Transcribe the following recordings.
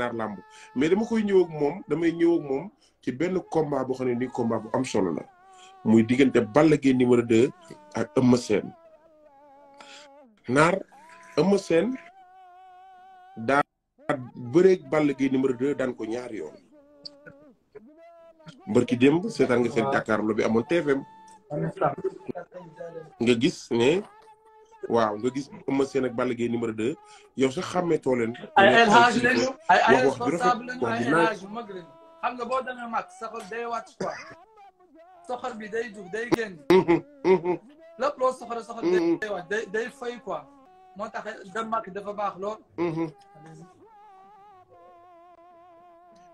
Nar làmb mais dama koy ñëw ak moom damay ñëw moom ci benn combat boo xam ne nii combat am solo la muy diggante ball Balla Gaye numéro 2 ak Eumeu Sène Nar Eumeu Sène daa bëreeg Balla Gaye numéro 2 daan ko ñaari yoon. mbër ki seetaan nga seen jàkkaarloo bi amoon TFM. nga gis ne. waaw nga gis Eumeu Sène ak Balla Gaye numéro 2 yow sax xàmmeetoo leen. ay élhage ay ay responsable mag lañu xam nga boo demee mag soxor day wàcc quoi soxor bi day jug day génn. lépp loo soxore soxor day fay quoi moo tax da mag dafa baax lool.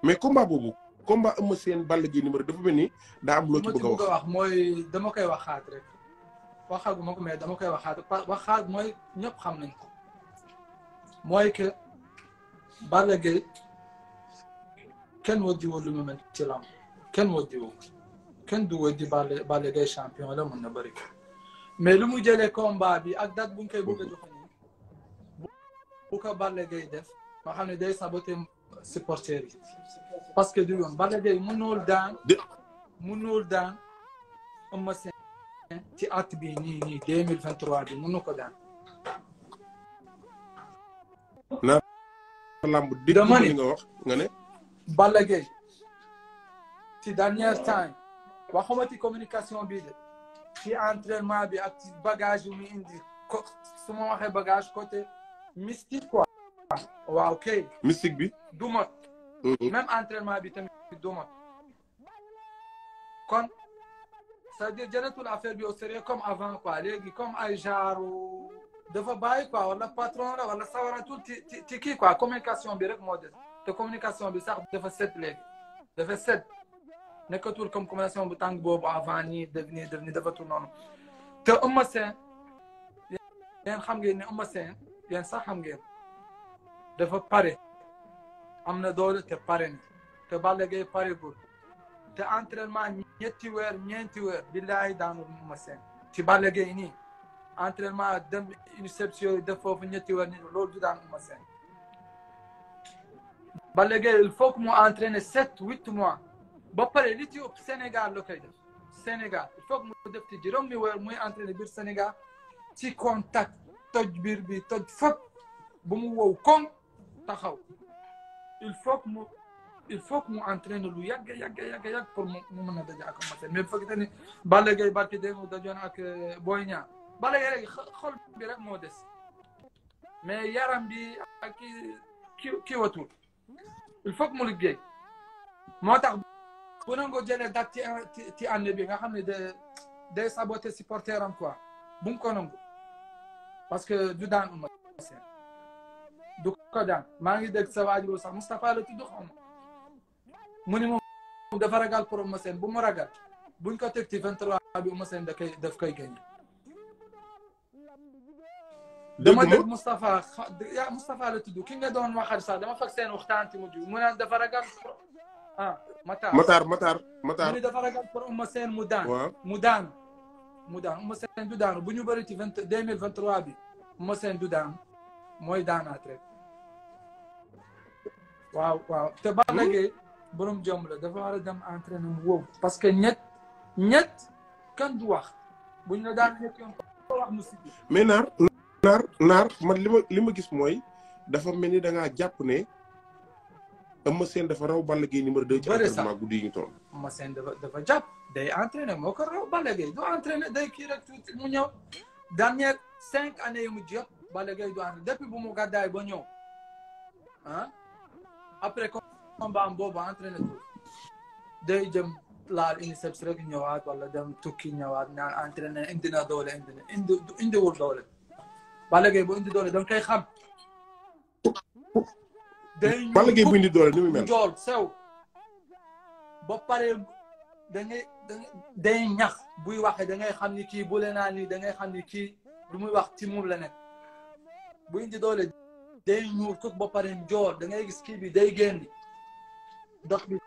mais combat boobu combat Eumeu Sène Balla Gaye numéro dafa mel ni daa am loo ci a wax. mooy dama koy waxaat rek. waxaagu magu meedamo kay waxaad waxaad mooy ñëpp xam nañ ko mooy que Balla Gaye kenn wadiwo lu mu mel ci lam kenn wadiwo kenn du wadi Balla Balla Gaye champion la mun na bëri mais lu mu jëlee combat bi ak date buñ koy bëgg a joxe nii bu ko Balla Gaye def ma xam ne day saboté supporter yi parce que du yoon Balla Gaye mënul daan mënul daan ëmma seen ci at bi nii nii deux mille vingt trois bi mënu ko daan. na lamb dégg li nga wax nga ne. Balla Gaye dernier temps waxuma ci communication bi de ci entraînement bi ak ci bagage bi indi ko su ma waxee bagage côté mystique quoi. waaw kay. bi du mot. Mm-hmm. même bi tamit du kon. c'est-à-dire jëlatul affaire bi au sérieux comme avant quoi léegi comme ay genre dafa bàyyi quoi wala patron la wala sawara ci ci ci kii communication bi rek moo des te communication bi sax dafa set léegi dafa set nekkatul comme communication bi tàng boobu avant nii def nii def nii defatul noonu te Eumeu Sène xam ngeen ne Eumeu Sène yéen sax xam ngeen dafa pare am na doole te pare na te Balla Gaye pare gul te entraînement ñetti weer ñeenti weer billaahi daanu ma seen ci Balla Gaye nii entraînement dem UNICEF yooyu def foofu ñetti weer nii loolu du daan ma seen Balla Gaye il faut que mu entraîner sept huit mois ba pare li ci ëpp Sénégal la koy def Sénégal il faut mu def ci juróomi weer muy entraîner biir Sénégal ci contact toj biir bi toj fépp bu mu wow koŋ taxaw il faut mu il faut que mu entraîne lu yag yag yag yàgg pour mu mu mën a daje ak Eumeu Sène mais bu fekkee ne Balla Gaye barki démb dajoon ak Boy Niang Balla Gaye rek xol bi rek moo des mais yaram bi ak ki ki watul il faut que mu liggéey moo tax bu nangoo jëlee date ci ci ci année bi nga xam ne de day saboter supporter am quoi bon mu ko nangu parce que du daan Eumeu Sène du ko daan maa ngi dégg sa waajur sax Moustapha la tudd xaw ma مينيموم دا فرغال كروم مسين بو مراغال بون كو تيك تي 23 بي مسين دا كاي داف كاي غاني دما دك مصطفى يا مصطفى لا تدو كي نغي دون واخا سا دما فك سين وقتان تي مودي مونان دا فرغال ها متار متار متار متار مي دا فرغال كروم مسين مودان مودان مودان مسين دودان بو نيو بريتي 2023 بي مسين دودان موي دانا واو واو تبا لاغي borom jom la dafa war a dem entraîner mu wóobu parce que ñett ñett kan du wax buñ la daan ñett yoon mais naar naar man li ma li ma gis mooy dafa mel ni da ngaa jàpp ne Eumeu Sène dafa raw Balla Gaye numéro 2 ci entraînement guddi yi ñu toll Eumeu Sène dafa dafa jàpp day entraîner moo ko raw Balla Gaye du entraîner day kii rek mu ñëw dernière cinq anne yu mu jëpp Balla Gaye du entraîner depuis bu mu gàddaay ba ñëw ah, après mbaam boobu entraîné ko day jëm laal indi sab rek ñëwaat wala dem tukki ñëwaat ñaan entraîné indi na doole indi na indi indiwul doole Balla Gaye bu indi doole da nga koy xam day Balla Gaye bu indi doole ni muy mel jool sew ba pare da ngay da day ñax buy waxee da ngay xam ni kii bu le naa nii da ngay xam ni kii lu muy wax ci moom la nekk bu indi doole day ñuur kuk ba pare njool da ngay gis kii bi day génn دخل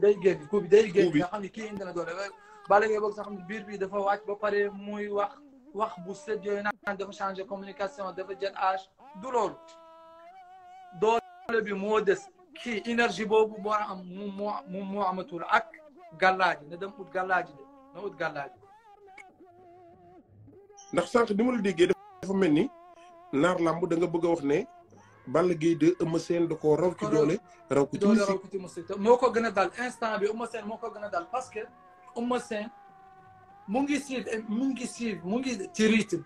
دقيقة كوبي دقيقة نحن كي عندنا دولة بالغة بوكس نحن بير بي دفع وقت بقاري موي وقت وقت بوستد جو هنا دفع شانجة كوميونيكاسيون دفع جن آش دولار دولة بمودس كي إنرجي بوبو بورا مو مو مو مو عمتول أك قلاجي ندم أود قلاجي نود قلاجي ndax sànq ni ma la déggee dafa mel ni naar làmb da nga bëgg Balla Gaye de Eumeu seen da koo raw ci doole. raw ko ci doole raw ko ci Eumeu Sène moo ko gën a daal instant bi Eumeu Sène moo ko gën a daal parce que Eumeu moo ngi suivre mu ngi suivre mu ngi ci rythme.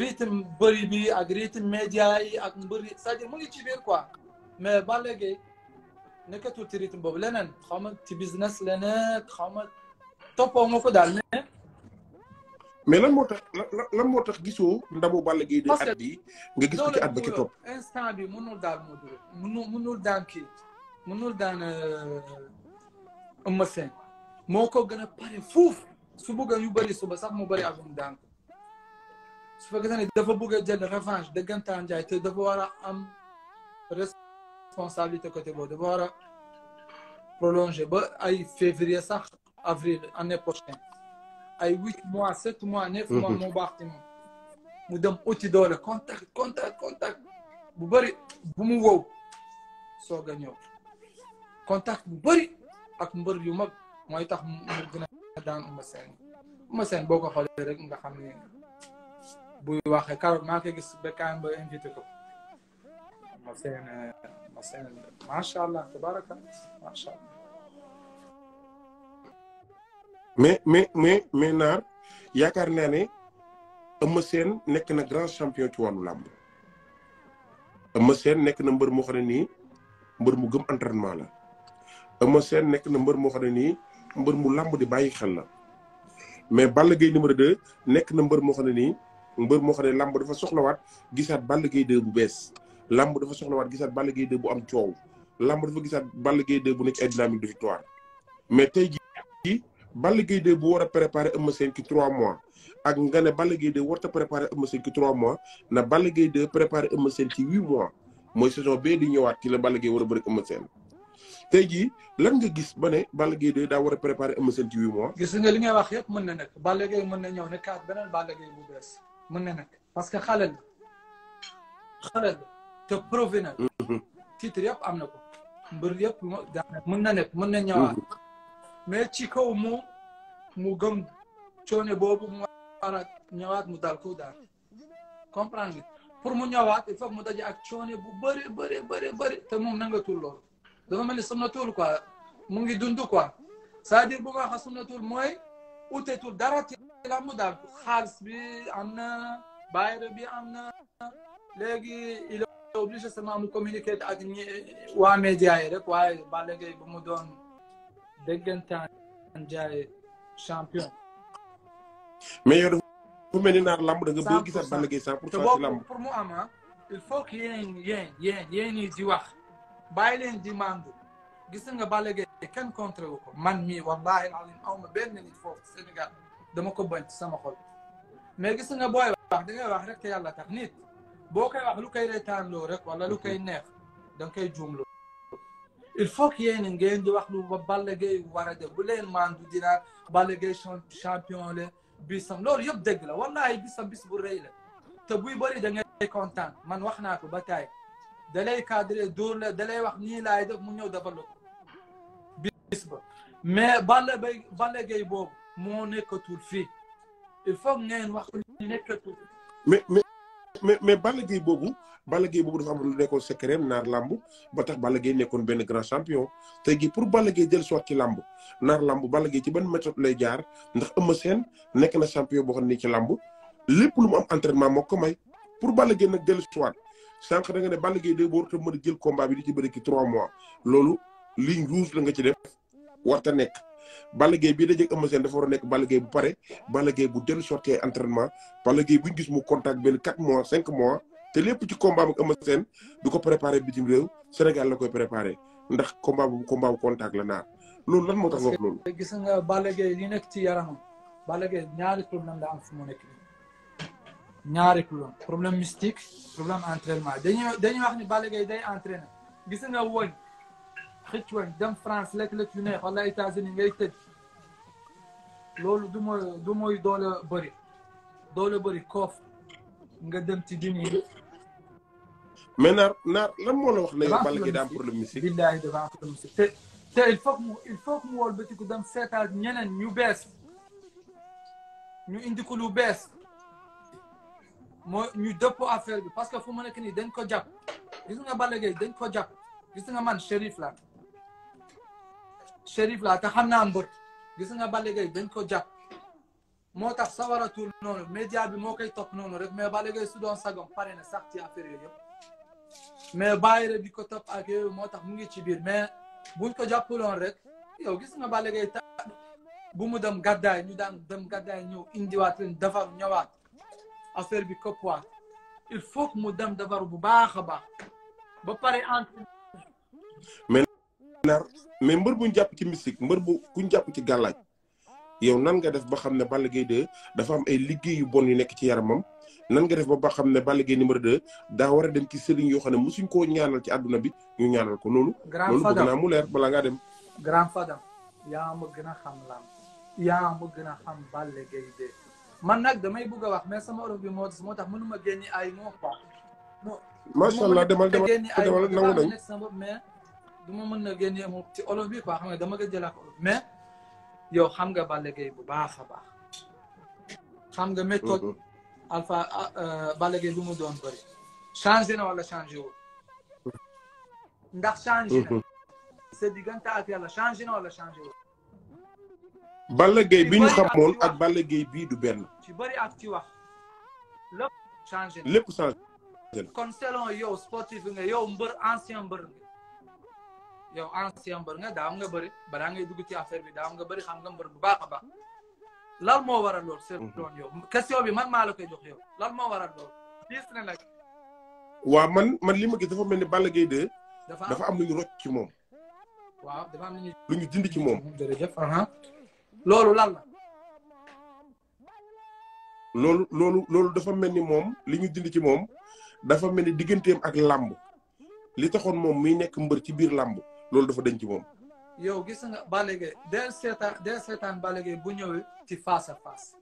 rythme bëri bi ak rythme média yi ak mbëri c'est-à-dire mu ngi ci biir quoi mais Balla Gaye nekkatul ci rythme boobu leneen xaw ma ci business leneen xaw ma toppoo nga ko daal mais lan moo tax lan moo tax gisoo ndamu Balla Gaye de at bi nga gis ko ci at ba ci topp instant bi mënul daan Modou Lo mu mënul daan kii mënul daan euh, Eumeu Sène moo ko gën a pare fuuf su bëgg yu bëri suba sax mu bëri atum daan ko su fekkee dafa bëgg a jël revanche dëggantaan jaay te dafa war a am responsabilité côté boobu dafa war prolonger ba ay février sax avril année prochaine اي 8 موا 7 موا 9 موا مو باختم مدام اوتي دولا كونتاك كونتاك كونتاك ببري بمو وو سو غانيو كونتاك ببري اك مبر يوم ما يتاخ مغنا دان ام سين ام سين بوكو خالي رك nga xamni buy waxe kar ma ngay gis be kan ba invite ko ام سين ما شاء الله تبارك الله ما شاء الله mais mais mais mais naar yaakaar naa ne Eumeu Sène nekk na grand champion ci wàllu làmb Eumeu seen nekk na mbër moo xam nii mbër mu gëm entraînement la Eumeu Sène nekk na mbër moo xam ne nii mbër mu làmb di bàyyi xel na mais Balla Gaye numéro 2 nekk na mbër moo xam ne nii mbër moo xam ne làmb dafa soxlawaat gisaat Balla Gaye 2 bu bees làmb dafa soxlawaat gisaat Balla Gaye 2 bu am coow làmb dafa gisaat Balla Gaye 2 bu nekk ay dynamique de victoire mais tey jii Balla Gaye 2 bu war a préparer Eumeu Sène ki trois mois ak nga ne Balla Gaye 2 warut a préparer Eumeu Sène ki trois mois na Balla Gaye 2 préparer Eumeu Sène ci huit mois mooy saison bee di ñëwaat ci la Balla war a bëri Eumeu tey jii lan nga gis ba ne Balla Gaye 2 daa war a préparer Eumeu Sène ci huit mois. gis nga li ngay wax yëpp mën na nekk Balla Gaye mën na ñëw ne kaat beneen Balla Gaye bu bees mën na nekk parce que xale la xale la te provenant mm-hmm. titre yëpp am na ko mbër yëpp mën na nekk mën na ñëwaat. Mm-hmm. mais ci kaw mu mu gëm coone boobu mu war mu dal ko daal comprendre pour mu ñëwaat il faut mu daje ak coono bu bëri bëri bëri bëri te moom nangatul loolu dafa mel ni sunnatul quoi mu ngi dund quoi cest à bu ma wax sunnatul mooy utetul dara ci la mu daal xaalis bi am na bayre bi am na léegi il est obligé seulement mu communiquer ak ñi waa média yi rek waaye ba léegi bu mu doon déggantaan jaay champion. mais yow dafa mel ni naar lamb da nga bëgg gisaat Balla Gaye 100 pour cent ci lamb pour mu am il faut que yéen yéen yéen yéen ñi di wax bàyyi leen di mandu gis nga Balla Gaye kenn contre wu ko man mii wallahi alim aw ma benn nit foofu Sénégal dama ko bañ ci sama xol mais gis nga booy wax da ngay wax rek te yàlla tax nit boo koy wax lu koy reetaanloo rek wala lu koy neex da nga koy juumloo il faut qu'il y ait une gagne de waklu balage warade bulen mandu dina balage champion le bisam lol yeb deug la wallahi bisam bis bu reey la te buy bari da ngay content man wax naa ko ba taay da lay cadré dóor la da lay wax nii laay def mu ñëw dafa lëkk bis ba mais Balla Gaye Balla Gaye boobu moo nekkatul fii il faut ngeen wax nekkatul mais mais mais mais Balla Gaye boobu Balla Gaye boobu dafa am lu nekkoon naar lamb ba tax Balla Gaye nekkoon benn grand champion te jii pour Balla Gaye jël soit ci làmb naar lamb Balla Gaye ci ban méthode lay jaar ndax Eumeu seen nekk na champion boo xam ne ci làmb lépp lu mu am entraînement moo ko may pour Balla Gaye nag jël soit sànq da nga ne Balla Gaye de warut a mën a jël combat bi di ci bëri ki trois mois loolu ligne rouge la nga ci def ta nekk Balla Gaye bii dajeeg Eumeu Sène war a nekk Balla Gaye bu pare Balla bu dellu sorti ay entraînement Balla Gaye buñ gis mu contact benn 4 mois 5 mois te lépp ci combat ak Eumeu Sène du ko préparé bitim réew Sénégal la koy préparé ndax combat bu combat contact la naar loolu lan moo tax nga wax loolu. gis nga Balla Gaye nekk ci yaramam Balla Gaye ñaari problème la am fu mu nekk ñaari problème problème mystique problème entraînement dañuy dañuy wax ni Balla Gaye day خيت واحد دام فرانس لا كلا تونيخ الله يتعزني غير تد لول دو مو دو مو دولا بري دولا بري كوف نقدم تديني مي نار نار لما ولا وخنا يبان لك دام بور الميسيك بالله دابا عطيت الميسيك تا الفوق مو الفوق مو البيتي قدام سيت هاد نيانا نيو باس نيو اندي كلو باس مو نيو دوبو افير باسكو فوما انا كني دنكو جاب جيسنا بالا جاي دنكو جاب جيسنا مان شريف لا shérif laa te xam naa mbër gis nga ba Balla Gaye dañ ko jàpp moo tax sawaratul noonu média bi moo koy topp noonu rek mais Balla Gaye su doon sagom pare na sax ci affaire yi yëpp mais bàyyi rek di ko topp ak yooyu moo tax mu ngi ci biir mais buñ ko jàppuloon rek yow gis nga Balla Gaye ta bu mu dem gàddaay ñu daan dem gàddaay ñëw indiwaat leen defar ñëwaat affaire bi koppuwaat il faut mu dem defar bu baax a baax ba pare entre nar mais mbër bu ñu jàpp ci mystique mbër bu ku ñu jàpp ci gàllaaj yow nan nga def ba xam ne Balla Gaye 2 dafa am ay liggéey yu bon yu nekk ci yaramam nan nga def ba ba xam ne ba Gaye numéro 2 daa war a dem ci sëriñ yoo xam ne mosuñ koo ñaanal ci àdduna bi ñu ñaanal ko loolu. grand fadam loolu bëgg naa mu leer balaa ngaa dem. grand fadam yaa ma gën a xam lam yaa ma gën a xam Balla Gaye 2 man nag damay bëgg a wax mais sama olof bi moo moo tax mënuma génni ay moo ko. macha allah demal demal demal nangu du ma mën a génnee moom ci olof bi xam nga dama ko jëlaat mais yow xam nga Balla Gaye bu baax a baax. xam nga méthode. Mhm. alpha euh, Balla Gaye lu mu doon bëri. changé na wala changé wul. ndax changé na. Mhm. sa diggante ak yàlla changé na wala changé wul. Balla Gaye bi ñu xamoon ak Balla Gaye bii du benn. ci bëri ak ci wax. lépp changé na lépp changé kon selon yow sportif nga yow mbër ancien mbër yow ancien mbër nga am nga bëri balaa ngay dugg ci affaire bi daam nga bëri xam nga mbër bu baax a baax lan moo waral lool seet mhm. doon yow question bi man maa koy jox yow lan moo waral lool gis ne waaw man man li ma gis mel ni Balla Gaye 2 dafa am lu ñu rocc ci moom waaw dafa am ñu lu ci moom mhm, jërëjëf loolu lan la loolu loolu dafa mel ni moom li ñu dindi ci moom dafa mel ni digganteem ak làmb li taxoon moom muy nekk mbër ci biir làmb loolu dafa denc moom. yow gis nga Balla Gaye del seetaan del seetaan bu ñëwee ci face à face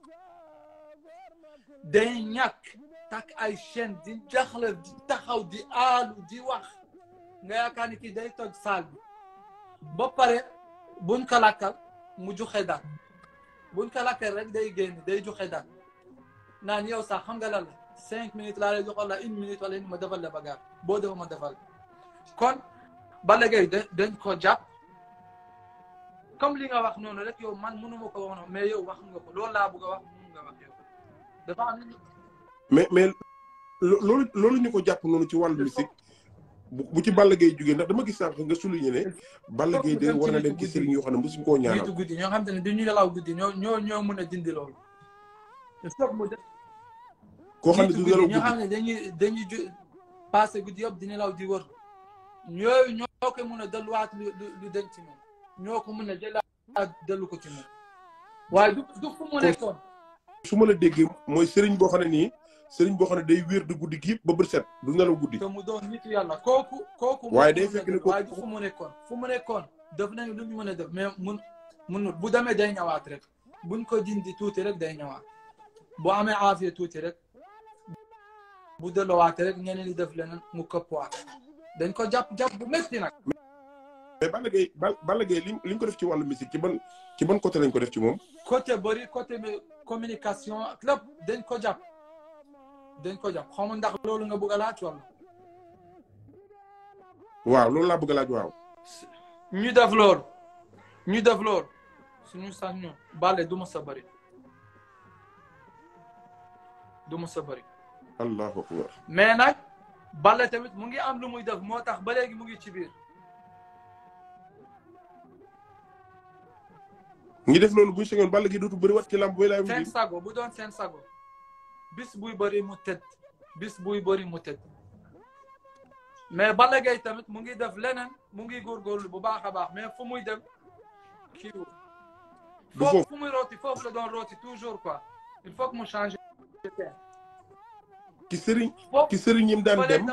day ñàkk takk ay chaîne di jaxla di taxaw di aalu di wax nga yaakaar ni kii day toj saal bi ba pare buñ ko mu joxe daal buñ ko lakkal rek day génn day joxe daal naan yow sax xam nga lan la cinq minutes laa lay jox wala une minute wala une ma defal la bagaar boo defal ma defal kon. Balla Gaye da dañ ko jàpp comme li nga wax noonu rek yow man mënuma ko wax mais yow wax nga ko loolu laa bëgg a wax mën nga wax yow dafa am mais mais loolu loolu ñu ko jàpp noonu ci wàllu musique bu ci Balla Gaye jógee ndax dama gis sànq nga souligné ne Balla Gaye de war na dem ci sëriñ yoo xam ne mosu koo ñaanal nitu guddi ñoo xam te ne dañuy nelaw guddi ñoo ñoo ñoo mën a dindi loolu koo xam ne du nelaw guddi ñoo xam ne dañuy dañuy passé guddi yëpp di nelaw di wër ñooyu ñoo ko mën a delluwaat lu lu denc ñoo ko mën a jëlaat dellu ko ci moom waaye du du fu mu su ma la déggee mooy sëriñ boo xam ne nii sëriñ boo xam ne day wér di guddi gi ba bët set du nelaw guddi te mu doon nitu yàlla kooku kooku waaye day fekk ne waaye du fu mu nekkoon fu mu nekkoon def nañ lu ñu mën a def mais mun munut bu demee day ñëwaat rek buñ ko dindi tuuti rek day ñëwaat bu amee aafiya tuuti rek bu delluwaat rek ñeneen ñi def leneen mu këppuwaat dañ ko jàpp jàpp bu métti nag. mais ba Gaye Balla Gaye li ñu ko def ci wàllu musique ci ban ci ban côté lañ ko def ci moom. côté bëri côté communication ak lépp dañ ko jàpp dañ ko jàpp xaw ma ndax loolu nga bëgg a laaj wala. waaw loolu laa bëgg a laaj waaw. ñu def loolu ñu def loolu suñu sañoon du ma sa bëri du ma sa bëri. allahu akbar mais nag. Balla tamit mu ngi am lu مو def moo tax ba léegi mu ngi def non buy sëñoon Balla gi dootu bëri wat ci làmb way laay. seen sago bu don sen sago bis buy bëri mu tëdd bis buy bëri mu tëdd mais Balla gay tamit mu ngi def lenen mu ngi gor gor lu bu baakha a baax mais fu muy dem ki wu. foofu fu muy roti fofu la don roti toujours quoi il faut que mu changer. de terre ki sëriñ ki sëriñ yim daan dem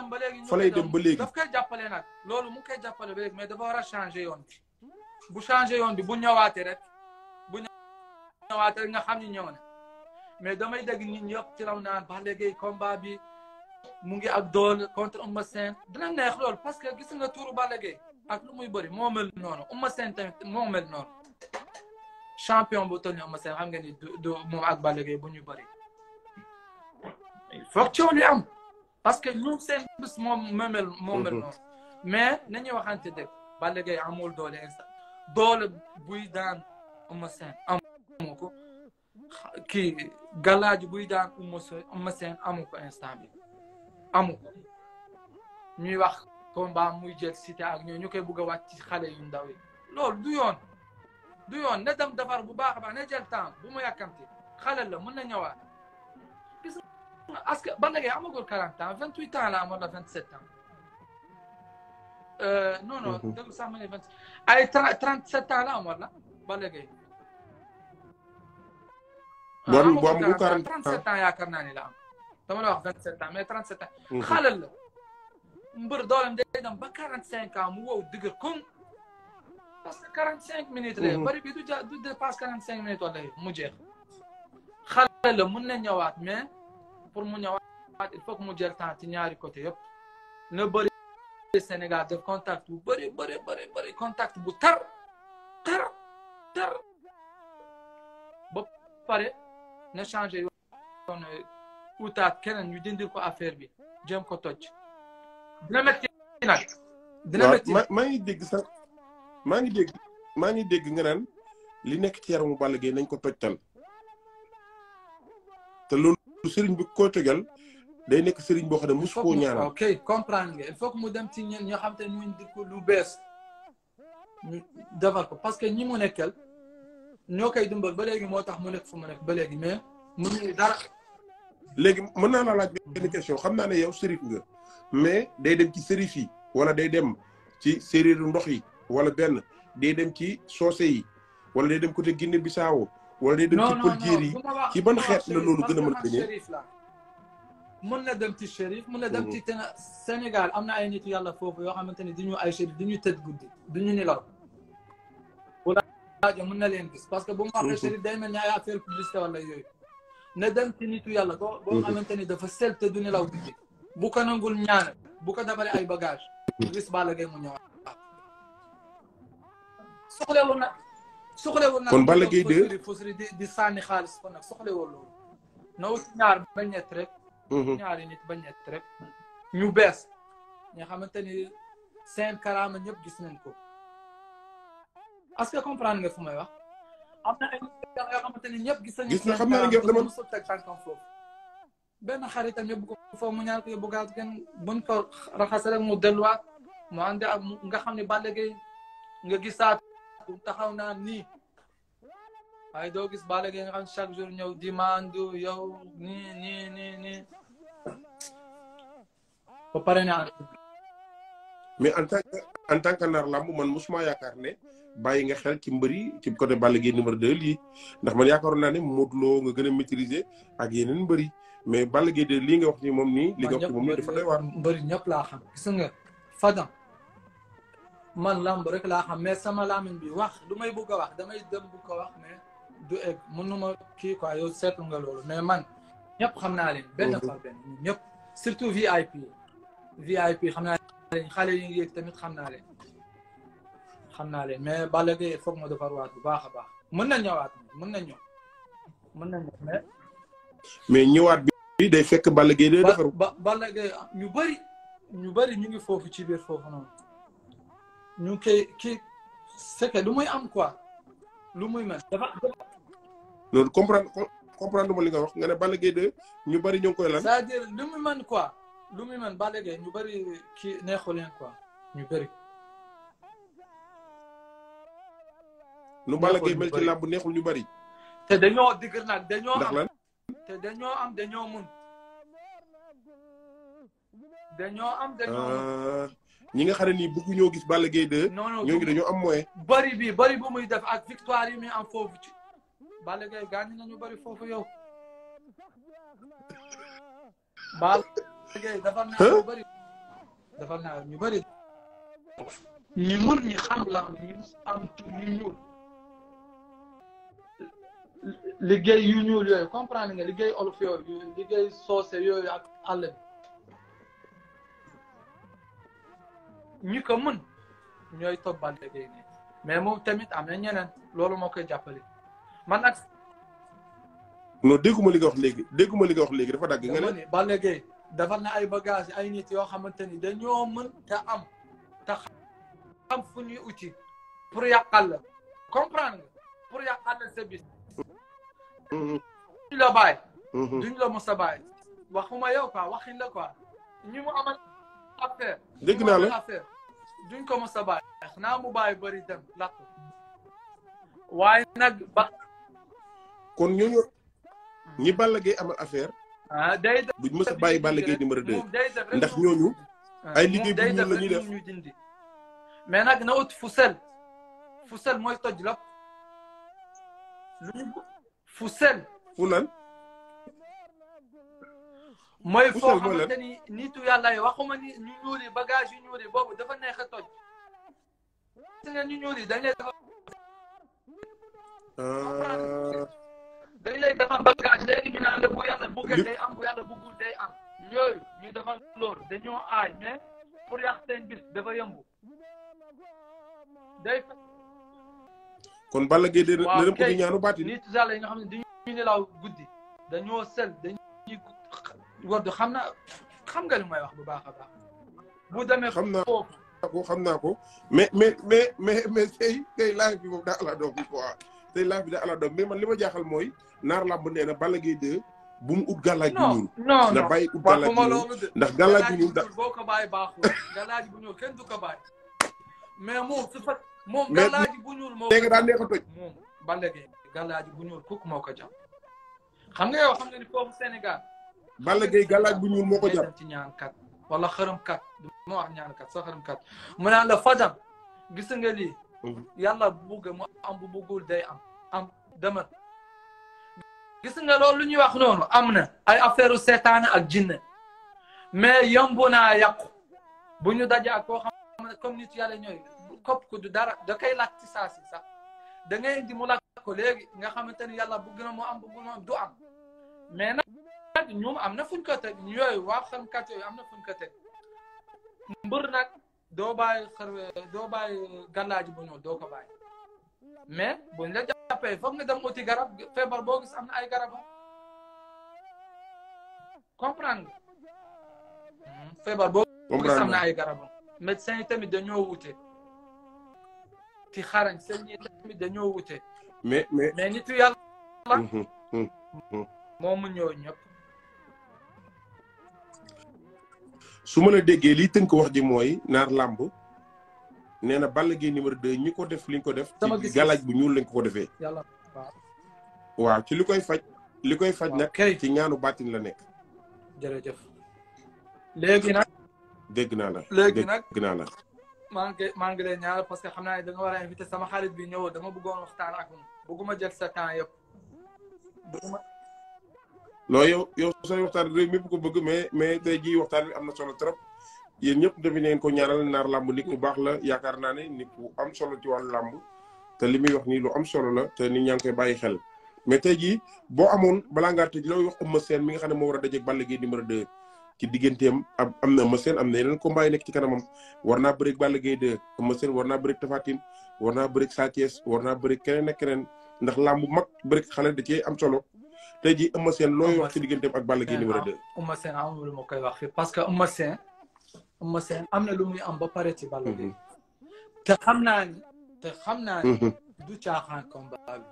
fa lay dem ba léegi daf koy jàppale nag loolu mu ngi koy jàppale ba léegi mais dafa war a changer yoon bi bu changer yoon bi bu ñëwaatee rek bu ñëwaatee rek nga xam ni ñëw na mais damay dégg nit ñëpp ci law naan ba léegi combat bi mu ngi ak doole contre Eumeu Sène dina neex loolu parce que gis nga tuuru Balla ak lu muy bëri moo mel noonu Eumeu Sène tamit moo mel noonu champion bu toll nii Eumeu Sène xam nga ni du moom ak Balla Gaye bu ñu bëri il faut coow li am parce que ñun seen bés moom moomel moomel mhm. noonu mais nañuy waxante dëgg Balla Gaye amul doole instant doole buy daan Eumeu Sène amu ko kii galaaj buy daan Eumeu Sène amu ko instant bi amu ko ñuy wax combat muy jël cité ak ñoo ñu koy bugg a wàcc ci xale yu ndaw yi loolu du yoon du yoon na dem defar bu baax a baax na jël temps bu mu yàkkamti xale la mën na waat parce que Balla Gaye amagul 40 ans 28 ans la amoon la 27 ans. Euh, non non. sax ma ne 27 ans la amoon uh, mhm. la Gaye. bu am ans 37 ans yaakaar naa ne la am dama la wax 27 ans mais 37 ans. xalal la mbër dooleem day dem ba 45 ans mu wow dëgër kon. parce que 45 minutes la bari bi du ja du dépasse 45 minutes wala mu jeex. xalal la mun na ñëwaat mais. pour mu ñëwaat il faut mu jël temps ci ñaari côté yëpp na bëri Sénégal def contact bu bëri bëri bëri bëri contact bu tar tar tar ba pare na changé yoon utaat keneen ñu dindil ko affaire bi jëm ko toj dina métti nag dina métti maa ngi dégg sax maa ngi dégg maa ngi dégg nga li nekk ci mu Balla Gaye nañ ko tojtal te loolu sëriñ bi ko tegal day nekk sëriñ boo xam ne mosu koo ñaanal. ok comprendre nga il faut que mu dem ci ñen ñoo xam te ne di ko lu bees ñu ko parce que ñi mu nekkal ñoo koy dumbal ba léegi moo tax mu nekk fu mu nekk ba léegi mais mënuñu dara. léegi mën naa la laaj benn question xam naa ne yow sërif nga mais day dem ci sërif yi wala day dem ci séeréeru ndox yi wala benn day dem ci soose yi wala day dem côté Guinée Bissau ولا دم تقول جيري كي بن خير لنون قلنا من الدنيا من دم تي الشريف من دم تي تنا السنغال أمنا عيني تي الله فوق يا أمن تني دنيو أي شيء دنيو تدقد دنيو نلعب ولا حاجة من لين بس بس كبوم أمن الشريف دائما نهاية فير بس ولا يوي ندم تني تي الله كبوم أمن تني دفع سل لا لو بدي بكون نقول نيان بكون دبلي أي بagage بس بالعين مني سؤال لنا كون بالاغي دي ساني خالص كون سخلي ولا نو نيار بني تريب نيار نيت بني تريب نيو بيس ني خامتني سين كرام نيب غيس نانكو اسكو كومبران نغ فماي واخ امنا اي نيو خامتني نيب غيس نانكو غيس نا خامنا نغ دما بن خريطه نيب كو فو مو نيار كو بوغال كن بون كو راخاسل مو دلوا مو عندي نغ خامني بالاغي نغ غيسات punta ka na ni. Ay dog is kan na kang shagjur niyo. Demando, yo, ni, ni, ni, ni. Papare na. Ya nah, ya Me en tant que en man musuma yakar ne baye nga xel ci mbeuri ci côté balligé numéro 2 li ndax man yakar na ne modlo nga gëna maîtriser ak yeneen mbeuri mais ni mom ni li nga man lamb rek laa xam mais sama làmmiñ bi wax du may bëgg a wax damay dem bu ko wax mais du egg mënuma kii quoi yow seetlu nga loolu mais man ñëpp xam naa leen benn mhm. par benn ñëpp surtout VIP VIP xam naa leen xale yi ngi yéeg tamit xam naa leen xam naa leen mais Balla Gaye foog ma defarwaat bu baax a baax mën na ñawaat mën na ñëw mën na ñëw mais ñëwaat bi de fekk Balla Gaye day defar Balla Gaye ñu bëri ñu bari ñu ngi foofu ci biir foofu noonu ñu ngi koy kii c'est lu muy am quoi lu muy mel dafa. loolu comprendre comprendre ma li nga wax nga ne Balla Gaye 2 ñu bari ñu ngi koy lan. cest à lu muy mën quoi lu muy mën Balla Gaye ñu bëri kii neexu leen ñu bëri. lu Balla Gaye mel ci làmb neexul ñu bëri. te dañoo digir nag dañoo. ndax te dañoo am dañoo mun. dañoo am dañoo mun. Euh, ñi nga xam ne nii bëggu ñoo gis ba Gaye 2. non non ñooñu dañoo am moyen. bari bi bari bu muy def ak victoire yu muy am foofu ci. Balla Gaye gaañ nañu bari foofu yow. Balla Gaye dafa naa ñu bari. dafa ñi mën ñi xam la ñu am ñu ñuul. liggéey yu ñuul yooyu comprendre nga liggéey olof yooyu soose yooyu ak àll ñi ko mën ñooy topp Balla Gaye ne mais moom tamit am na ñeneen loolu moo koy jàppale man ak. non dégguma li nga wax léegi dégguma li nga wax léegi dafa dagg nga ne. Balla Gaye defar na ay bagages ay nit yoo xamante ni dañoo mën te am te xam fu ñuy uti pour yàqal la comprendre nga pour yàqal la sa bis. Mm-hmm. duñ la bàyyi. Mm-hmm. duñ la mos a waxuma yow quoi waxin la quoi ñi mu amal affaire. dégg naa la دين كم صباح إحنا موباي بريدم لقى وينك ب كن يو نيبال لقي أمر أفير دايد بيد مس باي بال لقي دمر ده ده نيو نيو أي لقي بيد مس لقي ده مينك نوت فصل فصل ما يتجلب فصل فلان mooy foo xamante ni nitu yàlla yi waxuma ni ñu ñuul yi bagage yu ñuul yi boobu dafa neex a toj. gis nga ñu ñuul yi dañ lay euh. dañ lay defal bagage léegi naan la bu day am bu yàlla day am. ñu defal loolu dañoo aay mais pour yàq seen dafa yëmbu day. kon Balla Gaye de. waaw kay nit yàlla yi nga xam ne dañuy nelaw guddi dañoo sel dañuy. Wardu xam na xam nga lu may wax bu baax a baax. bu demee xam na ko xam naa ko mais mais mais mais mais tey tey live bi moom daa ala doom bi quoi bi daa man li ma jaaxal mooy naar làmb nee na Balla bu mu ut gàllaaj gi ñuul. non non na bàyyi ut gàllaaj gi ñuul ndax gàllaaj gi ñuul da boo ko bàyyi baaxul gàllaaj bu ñuul kenn du ko mais moom su fa moom gàllaaj bu ñuul daal nee ko toj. moom Balla Gaye gàllaaj bu ñuul kooku moo ko xam nga yow xam nga ni foofu Sénégal. Balla gay galaaj bu ñuul moo ko jàpp ci ñaankat wala xërëmkat du ma wax ñaankat sa xërëmkat mu naan la fajam gis nga lii mhm. yàlla bu bëgg mu am bu guul day am am demal gis nga loolu lu ñuy wax noonu am na ay affaire seetaane ak jinne mais yomb naa yàqu bu ñu dajee ak koo xam ne comme nit yàlla ñooy kopp ko du dara da koy lakk ci saa si sax da ngay indi mu lakk ko léegi nga xamante ni yàlla bëgg na mu am bëggul mu am du am mais nag am na fuñ ko teg yooyu waaxankat yooyu am na fuñ ko teg nag doo bàyyi xar doo bàyyi gàllaaji bu ñëw doo ko bàyyi mais buñ la jàppee foog nga dem uti garab feebar boo gis am na ay garab comprendre nga hmm, feebar boo gis am na ay garaba médecins yi tamit dañoo wute ci xarañ seen yi tamit dañoo moom mu ñëw ñëpp su mën a déggee liy tënk wax ji mooy naar làmb nee na Balla Gaye numéro 2 ñi ko def li ñu ko def. ci galaaj bu ñuul lañ ko ko defee. waaw ci li koy faj. li koy faj na nag ci ñaanu baatin la nekk. jërëjëf léegi nag. dégg naa na léegi nag dégg naa la. maa ngi maa ñaar lay ñaanal parce que xam naa ne da nga war a invité sama xarit bi ñëw dama bëggoon waxtaan ak moom bëgguma jël sa temps yëpp. bëgguma loolu yow yow say waxtaan réew mépp ko bëgg mais mais tey jii waxtaan bi am na solo trop yéen ñëpp dafay neen ko ñaanal naar làmb nit ku baax la yaakaar naa ne nit ku am solo ci wàllu làmb te li muy wax nii lu am solo la te ni ñaa ngi koy bàyyi xel mais tey jii boo amoon balaa ngaa tëj looy wax Eumeu mi nga xam ne moo war a dajeeg Balla Gaye numéro 2 ci digganteem am a Eumeu Sène am na yeneen combat yi nekk ci kanamam war naa bëreeg Balla Gaye 2 Eumeu Sène war naa bëreeg Tapha Tine war naa bëreeg Sa Thiès war naa bëreeg keneen ak keneen ndax làmb mag bëreeg xale da cee am solo tey jii Eumeu Sène looy wax ci digganteem ak Balla Gaye numéro 2. Eumeu Sène amul ah, ma koy wax fii parce que Eumeu Sène am na lu muy am ba pare ci Balla Gaye. te xam naa te xam naa ni. Mm-hmm. du caaxaan combat bi.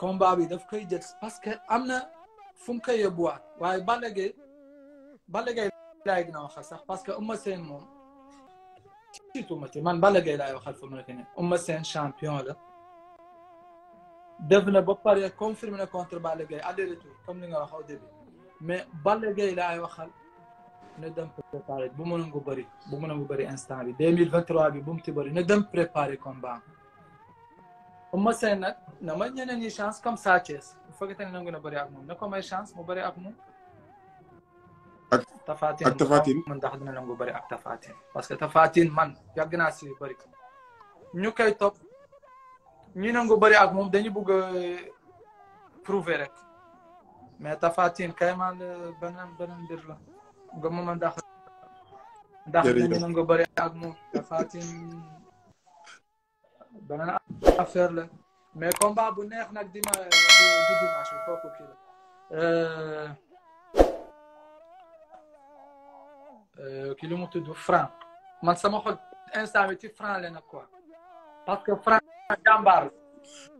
combat bi daf koy jël parce que am na fu mu koy waaye Balla Gaye Balla na laay a sax parce que Eumeu Sène moom. surtout ma man Balla Gaye laay waxal fu mu nekk nii Eumeu Sène la. defna ba pare confirmé na contre Balla Gaye aller retour comme li nga wax au début mais Balla Gaye laay waxal na dem préparé bu mu nangu bëri bu mu nangu bëri instant bi 2023 bi bu mu ti bëri na dem préparé combat Eumeu Sène nag na ma ñeneen ñi chance comme Sa Thiès bu fekkee ne nangu na bëri ak moom na ko may chance mu bëri ak moom ak Tafatine ak Tafatine man ndax dina nangu bëri ak Tafatine parce que Tafatine man yàgg naa si bëri ñu koy topp ñi nangu bëri ak moom dañu bëgg a euh, prouver rek mais Tapha Tine kay man euh, beneen beneen mbir la nga ndax ndax dañu nangu bëri ak moom Tapha Tine beneen la mais combat bu neex nag dima euh, di dimanche bi kooku kii la lu mu tudd franc sama xol instant bi ci franc la nag quoi parce que franc jàmbaar.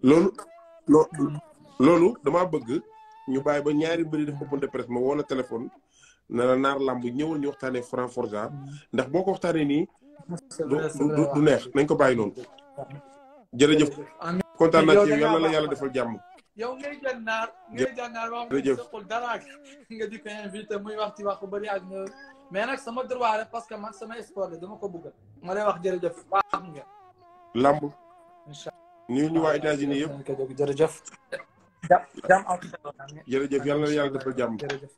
loolu loo loolu bëgg ñu bay ba ñaari mbir yi def open de presse ma wona téléphone na la nar lamb ñëwul ñu waxtane franc forza ndax boko waxtane ni du neex nañ ko bàyyi noonu. jërëjëf kontaan na ci yalla la yalla defal jamm yow ngay jël nar ngay jël nar wax nga soxul dara nga di ko invité muy wax ci wax bari ak ñoom mais nak sama droit la parce que man sama sport dama ko bëgg ma lay wax jërëjëf baax nga lamb nuyu ñu waa États-Unis yëpp jërëjëf jàmm jàmm jërëjëf yàlla na yàlla defal jàmm jërëjëf